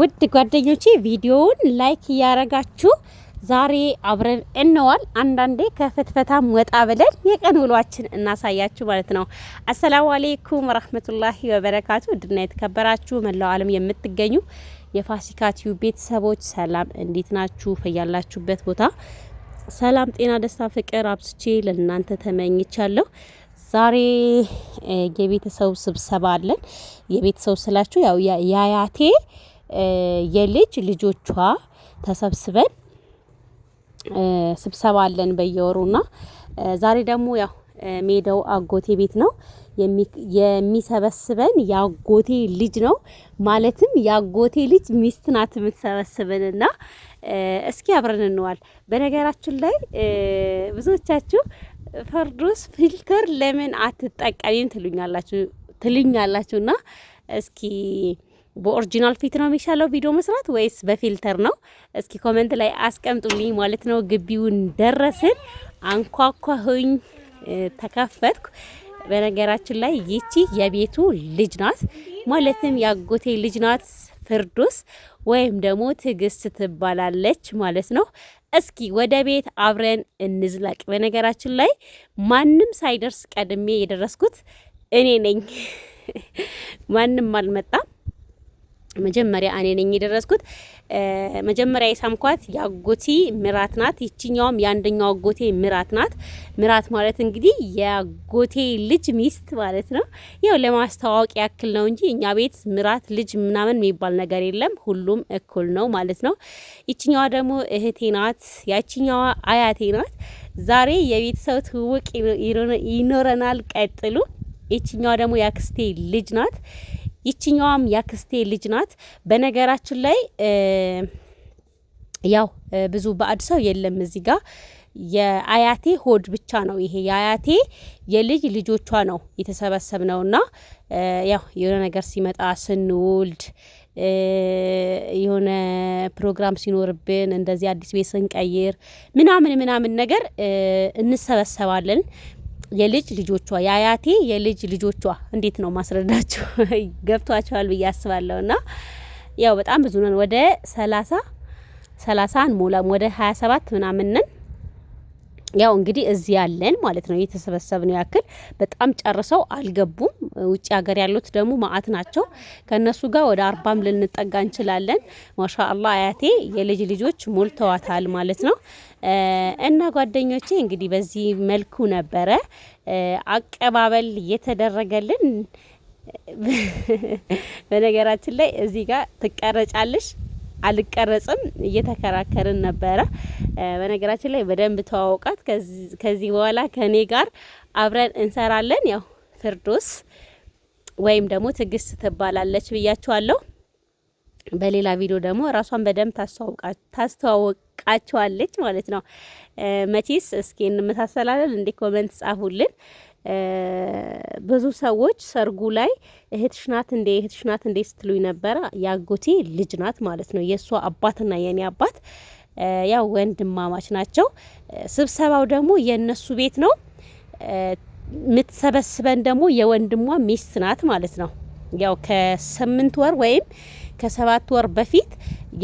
ውድ ጓደኞቼ ቪዲዮውን ላይክ እያረጋችሁ ዛሬ አብረን እንዋል። አንዳንዴ ከፍትፈታም ወጣ ብለን የቀን ውሏችን እናሳያችሁ ማለት ነው። አሰላሙ አሌይኩም ረህመቱላሂ ወበረካቱ። ውድና የተከበራችሁ መላው ዓለም የምትገኙ የፋሲካ ቲዩብ ቤተሰቦች ሰላም፣ እንዴት ናችሁ? ፈያላችሁበት ቦታ ሰላም፣ ጤና፣ ደስታ፣ ፍቅር አብስቼ ለእናንተ ተመኝቻለሁ። ዛሬ የቤተሰብ ስብሰባ አለን። የቤተሰብ ስላችሁ ያው ያያቴ የልጅ ልጆቿ ተሰብስበን ስብሰባ አለን ና ዛሬ ደግሞ ያው ሜዳው አጎቴ ቤት ነው የሚሰበስበን የአጎቴ ልጅ ነው። ማለትም የአጎቴ ልጅ ሚስት ናት ና እስኪ አብረን እንዋል። በነገራችን ላይ ብዙዎቻችሁ ፈርዶስ ፊልተር ለምን አትጠቀሚም ትሉኛላችሁ ትልኛላችሁና እስኪ በኦሪጂናል ፊት ነው የሚሻለው ቪዲዮ መስራት ወይስ በፊልተር ነው? እስኪ ኮመንት ላይ አስቀምጡልኝ ማለት ነው። ግቢውን ደረስን፣ አንኳኳሁኝ፣ ተከፈትኩ። በነገራችን ላይ ይቺ የቤቱ ልጅ ናት፣ ማለትም የአጎቴ ልጅ ናት። ፍርዱስ ወይም ደግሞ ትዕግስት ትባላለች ማለት ነው። እስኪ ወደ ቤት አብረን እንዝለቅ። በነገራችን ላይ ማንም ሳይደርስ ቀድሜ የደረስኩት እኔ ነኝ። ማንም አልመጣም። መጀመሪያ እኔ ነኝ የደረስኩት። መጀመሪያ የሳምኳት የአጎቴ ምራት ናት። ይችኛውም የአንደኛው አጎቴ ምራት ናት። ምራት ማለት እንግዲህ የአጎቴ ልጅ ሚስት ማለት ነው። ያው ለማስተዋወቅ ያክል ነው እንጂ እኛ ቤት ምራት ልጅ ምናምን የሚባል ነገር የለም። ሁሉም እኩል ነው ማለት ነው። ይችኛዋ ደግሞ እህቴ ናት። ያችኛዋ አያቴ ናት። ዛሬ የቤተሰብ ትውውቅ ይኖረናል። ቀጥሉ። ይችኛዋ ደግሞ የአክስቴ ልጅ ናት። ይችኛዋም ያክስቴ ልጅ ናት። በነገራችን ላይ ያው ብዙ ባዕድ ሰው የለም እዚህ ጋር የአያቴ ሆድ ብቻ ነው። ይሄ የአያቴ የልጅ ልጆቿ ነው የተሰበሰብ እና ያው የሆነ ነገር ሲመጣ ስንውልድ የሆነ ፕሮግራም ሲኖርብን እንደዚህ አዲስ ቤት ስንቀይር ምናምን ምናምን ነገር እንሰበሰባለን። የልጅ ልጆቿ የአያቴ የልጅ ልጆቿ እንዴት ነው ማስረዳችሁ? ገብቷቸዋል ብዬ አስባለሁ። ና ያው በጣም ብዙ ነን። ወደ ሰላሳ ሰላሳ አንሞላም ወደ ሀያ ሰባት ምናምን ነን። ያው እንግዲህ እዚህ ያለን ማለት ነው የተሰበሰብነው ያክል በጣም ጨርሰው አልገቡም። ውጭ ሀገር ያሉት ደግሞ ማአት ናቸው። ከእነሱ ጋር ወደ አርባም ልንጠጋ እንችላለን። ማሻአላ አያቴ የልጅ ልጆች ሞልተዋታል ማለት ነው። እና ጓደኞቼ እንግዲህ በዚህ መልኩ ነበረ አቀባበል የተደረገልን። በነገራችን ላይ እዚህ ጋር ትቀረጫለሽ አልቀረጽም እየተከራከርን ነበረ። በነገራችን ላይ በደንብ ተዋወቃት። ከዚህ በኋላ ከእኔ ጋር አብረን እንሰራለን። ያው ፍርዶስ ወይም ደግሞ ትዕግስት ትባላለች ብያችኋለሁ። በሌላ ቪዲዮ ደግሞ ራሷን በደንብ ታስተዋወቃችኋለች ማለት ነው። መቼስ እስኪ እንመሳሰላለን እንዴ? ኮመንት ጻፉልን። ብዙ ሰዎች ሰርጉ ላይ እህትሽ ናት እንዴ እህትሽ ናት እንዴ ስትሉኝ ነበረ። ያጎቴ ልጅ ናት ማለት ነው። የእሷ አባትና የኔ አባት ያው ወንድማማች ናቸው። ስብሰባው ደግሞ የእነሱ ቤት ነው። የምትሰበስበን ደግሞ የወንድሟ ሚስት ናት ማለት ነው። ያው ከስምንት ወር ወይም ከሰባት ወር በፊት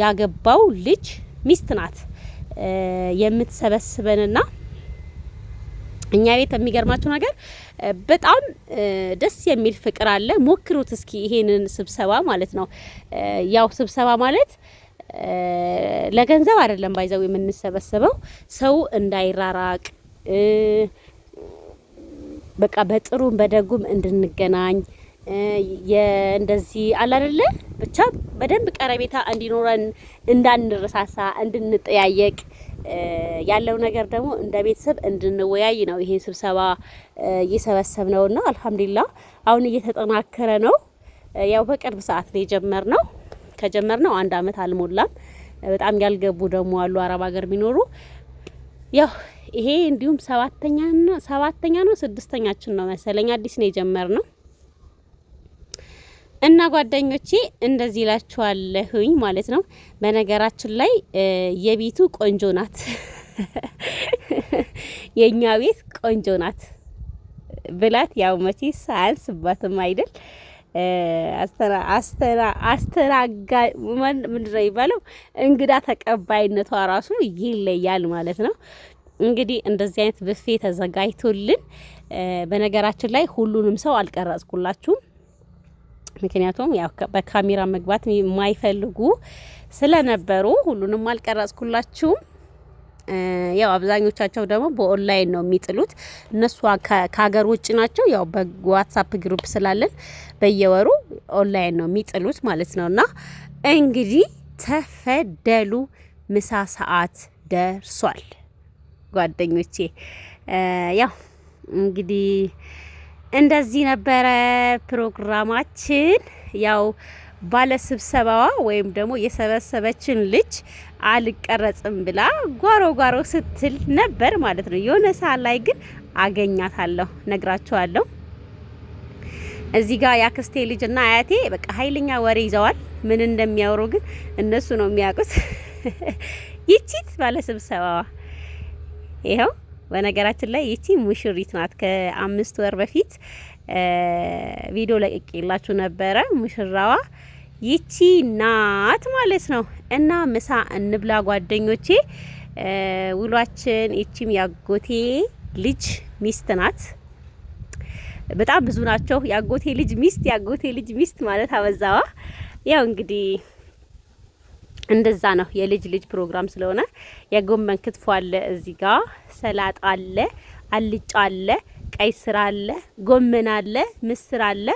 ያገባው ልጅ ሚስት ናት የምትሰበስበንና እኛ ቤት የሚገርማችሁ ነገር በጣም ደስ የሚል ፍቅር አለ። ሞክሩት እስኪ ይሄንን ስብሰባ ማለት ነው። ያው ስብሰባ ማለት ለገንዘብ አይደለም ባይዘው የምንሰበሰበው ሰው እንዳይራራቅ በቃ በጥሩም በደጉም እንድንገናኝ እንደዚህ አለ አይደለ ብቻ በደንብ ቀረቤታ እንዲኖረን እንዳንረሳሳ እንድንጠያየቅ ያለው ነገር ደግሞ እንደ ቤተሰብ እንድንወያይ ነው ይሄን ስብሰባ እየሰበሰብ ነውና፣ አልሐምዱሊላ አሁን እየተጠናከረ ነው። ያው በቅርብ ሰዓት ነው የጀመር ነው ከጀመር ነው አንድ አመት አልሞላም። በጣም ያልገቡ ደግሞ አሉ አረብ ሀገር ቢኖሩ ያው ይሄ እንዲሁም ሰባተኛ ነው ሰባተኛ ነው ስድስተኛችን ነው መሰለኝ አዲስ ነው የጀመር ነው እና ጓደኞቼ እንደዚህ ይላችኋለሁኝ ማለት ነው። በነገራችን ላይ የቤቱ ቆንጆ ናት፣ የእኛ ቤት ቆንጆ ናት ብላት ያው መቼ ሳያንስባትም አይደል አስተናጋ ምንድን ነው የሚባለው? እንግዳ ተቀባይነቷ ራሱ ይለያል ማለት ነው። እንግዲህ እንደዚህ አይነት ብፌ ተዘጋጅቶልን፣ በነገራችን ላይ ሁሉንም ሰው አልቀረጽኩላችሁም ምክንያቱም ያው በካሜራ መግባት የማይፈልጉ ስለነበሩ ሁሉንም አልቀረጽኩላችሁም። ያው አብዛኞቻቸው ደግሞ በኦንላይን ነው የሚጥሉት። እነሱ ከሀገር ውጭ ናቸው። ያው በዋትሳፕ ግሩፕ ስላለን በየወሩ ኦንላይን ነው የሚጥሉት ማለት ነው። እና እንግዲህ ተፈደሉ፣ ምሳ ሰዓት ደርሷል ጓደኞቼ። ያው እንግዲህ እንደዚህ ነበረ ፕሮግራማችን። ያው ባለስብሰባዋ ወይም ደግሞ የሰበሰበችን ልጅ አልቀረጽም ብላ ጓሮ ጓሮ ስትል ነበር ማለት ነው። የሆነ ሰዓት ላይ ግን አገኛታለሁ፣ ነግራችኋለሁ። እዚህ ጋር ያክስቴ ልጅና አያቴ በቃ ኃይለኛ ወሬ ይዘዋል። ምን እንደሚያወሩ ግን እነሱ ነው የሚያውቁት። ይቺት ባለስብሰባዋ ይኸው በነገራችን ላይ ይቺ ሙሽሪት ናት። ከአምስት ወር በፊት ቪዲዮ ለቅቄላችሁ ነበረ። ሙሽራዋ ይቺ ናት ማለት ነው። እና ምሳ እንብላ ጓደኞቼ፣ ውሏችን ይቺም ያጎቴ ልጅ ሚስት ናት። በጣም ብዙ ናቸው። ያጎቴ ልጅ ሚስት፣ ያጎቴ ልጅ ሚስት ማለት አበዛዋ። ያው እንግዲህ እንደዛ ነው። የልጅ ልጅ ፕሮግራም ስለሆነ የጎመን ክትፎ አለ፣ እዚህ ጋ ሰላጣ አለ፣ አልጫ አለ፣ ቀይ ስር አለ፣ ጎመን አለ፣ ምስር አለ።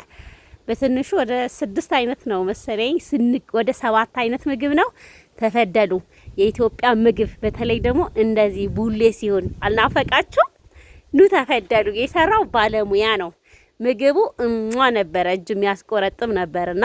በትንሹ ወደ ስድስት አይነት ነው መሰለኝ ስንቅ ወደ ሰባት አይነት ምግብ ነው። ተፈደሉ የኢትዮጵያ ምግብ በተለይ ደግሞ እንደዚህ ቡሌ ሲሆን አልናፈቃችሁ? ኑ ተፈደሉ። የሰራው ባለሙያ ነው። ምግቡ እሟ ነበረ፣ እጅ የሚያስቆረጥም ነበርና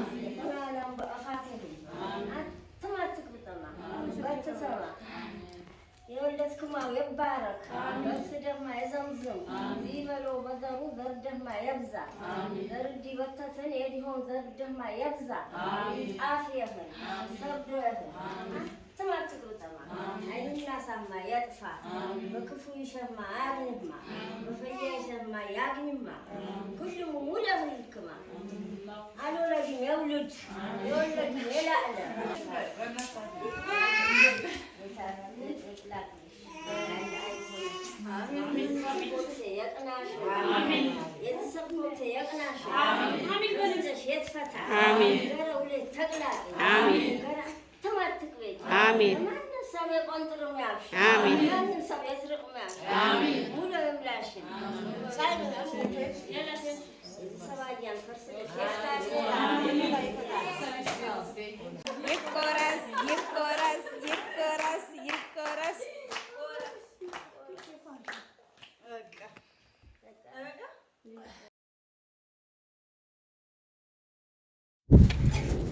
ይባረክ፣ ደማ ይዘምዝም፣ ይበለው በዘሩ ዘርደማ የብዛ፣ ዘርድ በተትን የዲሆን ዘርደማ የብዛ፣ ጣፍ የህን ሰርዶ የህን ትማር ትቅርጠማ አይንና ሳማ ያጥፋ፣ በክፉ ይሸማ አያግንማ፣ በፈያ ይሸማ ያግኝማ፣ ሁሉም ውለሁ ይልክማ፣ አልወለድም የውልድ የወለድም የላዕለ Amin. Yedi sapımıza yakın aşağı. Amin. Gözümüze şehit fata. Amin. Gara ule takla. Amin. Gara tam attık ve. Amin. Yamanın sabe kontrolüm yapşı. Amin. Yamanın sabe ezrekum yapşı. Amin. Mula ömlaşı. Amin. Saygı. Yalasın. Sabahyan fırsatı şehit fata. Amin. Yip koras, yip koras, yip koras.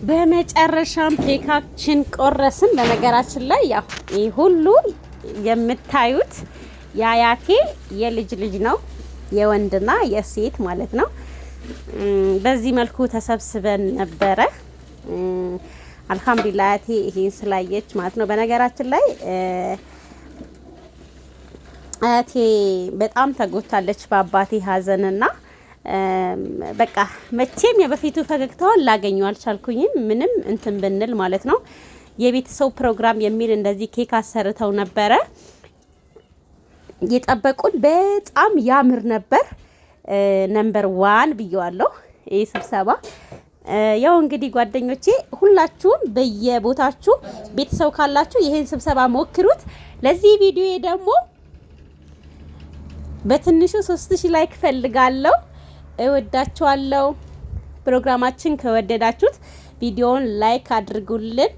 በመጨረሻም ኬካችን ቆረስን። በነገራችን ላይ ያው ይህ ሁሉ የምታዩት የአያቴ የልጅ ልጅ ነው፣ የወንድና የሴት ማለት ነው። በዚህ መልኩ ተሰብስበን ነበረ። አልሐምዱሊላ አያቴ ይሄን ስላየች ማለት ነው። በነገራችን ላይ አያቴ በጣም ተጎታለች በአባቴ ሀዘንና በቃ መቼም የበፊቱ ፈገግታውን ላገኘው አልቻልኩኝም። ምንም እንትን ብንል ማለት ነው። የቤተሰብ ፕሮግራም የሚል እንደዚህ ኬክ አሰርተው ነበረ። የጠበቁን በጣም ያምር ነበር። ነምበር ዋን ብየዋለሁ። ይህ ስብሰባ ያው እንግዲህ ጓደኞቼ ሁላችሁም በየቦታችሁ ቤተሰብ ካላችሁ ይህን ስብሰባ ሞክሩት። ለዚህ ቪዲዮ ደግሞ በትንሹ ሶስት ላይክ ፈልጋለሁ። እወዳችኋለሁ። ፕሮግራማችን ከወደዳችሁት ቪዲዮውን ላይክ አድርጉልን።